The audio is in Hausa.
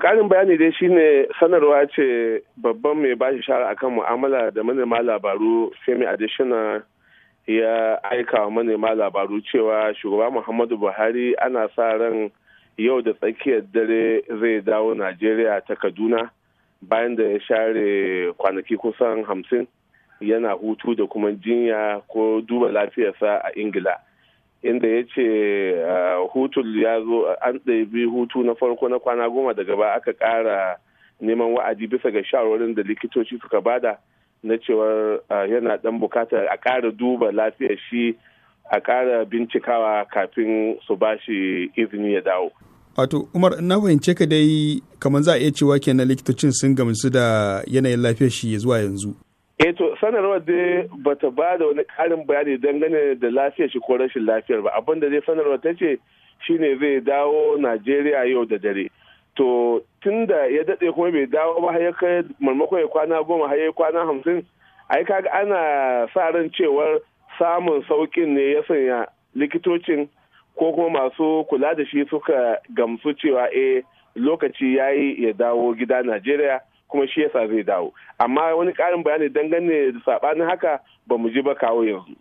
karin bayani dai shine sanarwa ce babban mai bashi shara akan mu'amala da manema labaru femi adishina ya aika wa manema labaru cewa shugaba muhammadu buhari ana sa ran yau da tsakiyar dare zai dawo najeriya ta kaduna bayan da ya share kwanaki kusan hamsin yana hutu da kuma jinya ko duba lafiyarsa a ingila inda ya ce ah, hutul ya zo an ɗabi hutu na farko na kwana goma daga ba aka ƙara neman wa'adi bisa ga shawarwarin da likitoci suka bada na cewar ah, yana ɗan bukatar a ƙara duba lafiyar shi a ƙara bincikawa kafin su ba shi izini ya dawo. Wato, Umar, na fahimce ka dai kamar za a iya cewa kenan likitocin sun gamsu da yanayin lafiyar shi zuwa yanzu. eh to sanarwar dai bata ba da wani karin bayani dangane da lafiyar shi ko rashin lafiyar ba abin da dai sanarwar ta ce shine zai dawo najeriya yau da dare to tunda ya daɗe kuma bai dawo ba har ya kai maimakon ya kwana goma har ya kwana hamsin ai kaga ana sa ran cewar samun saukin ne ya sanya likitocin ko kuma masu kula da shi suka gamsu cewa eh lokaci ya yi ya dawo gida najeriya kuma shi yasa zai dawo amma wani ƙarin bayani dangane da saɓanin haka ba mu ji ba kawo yanzu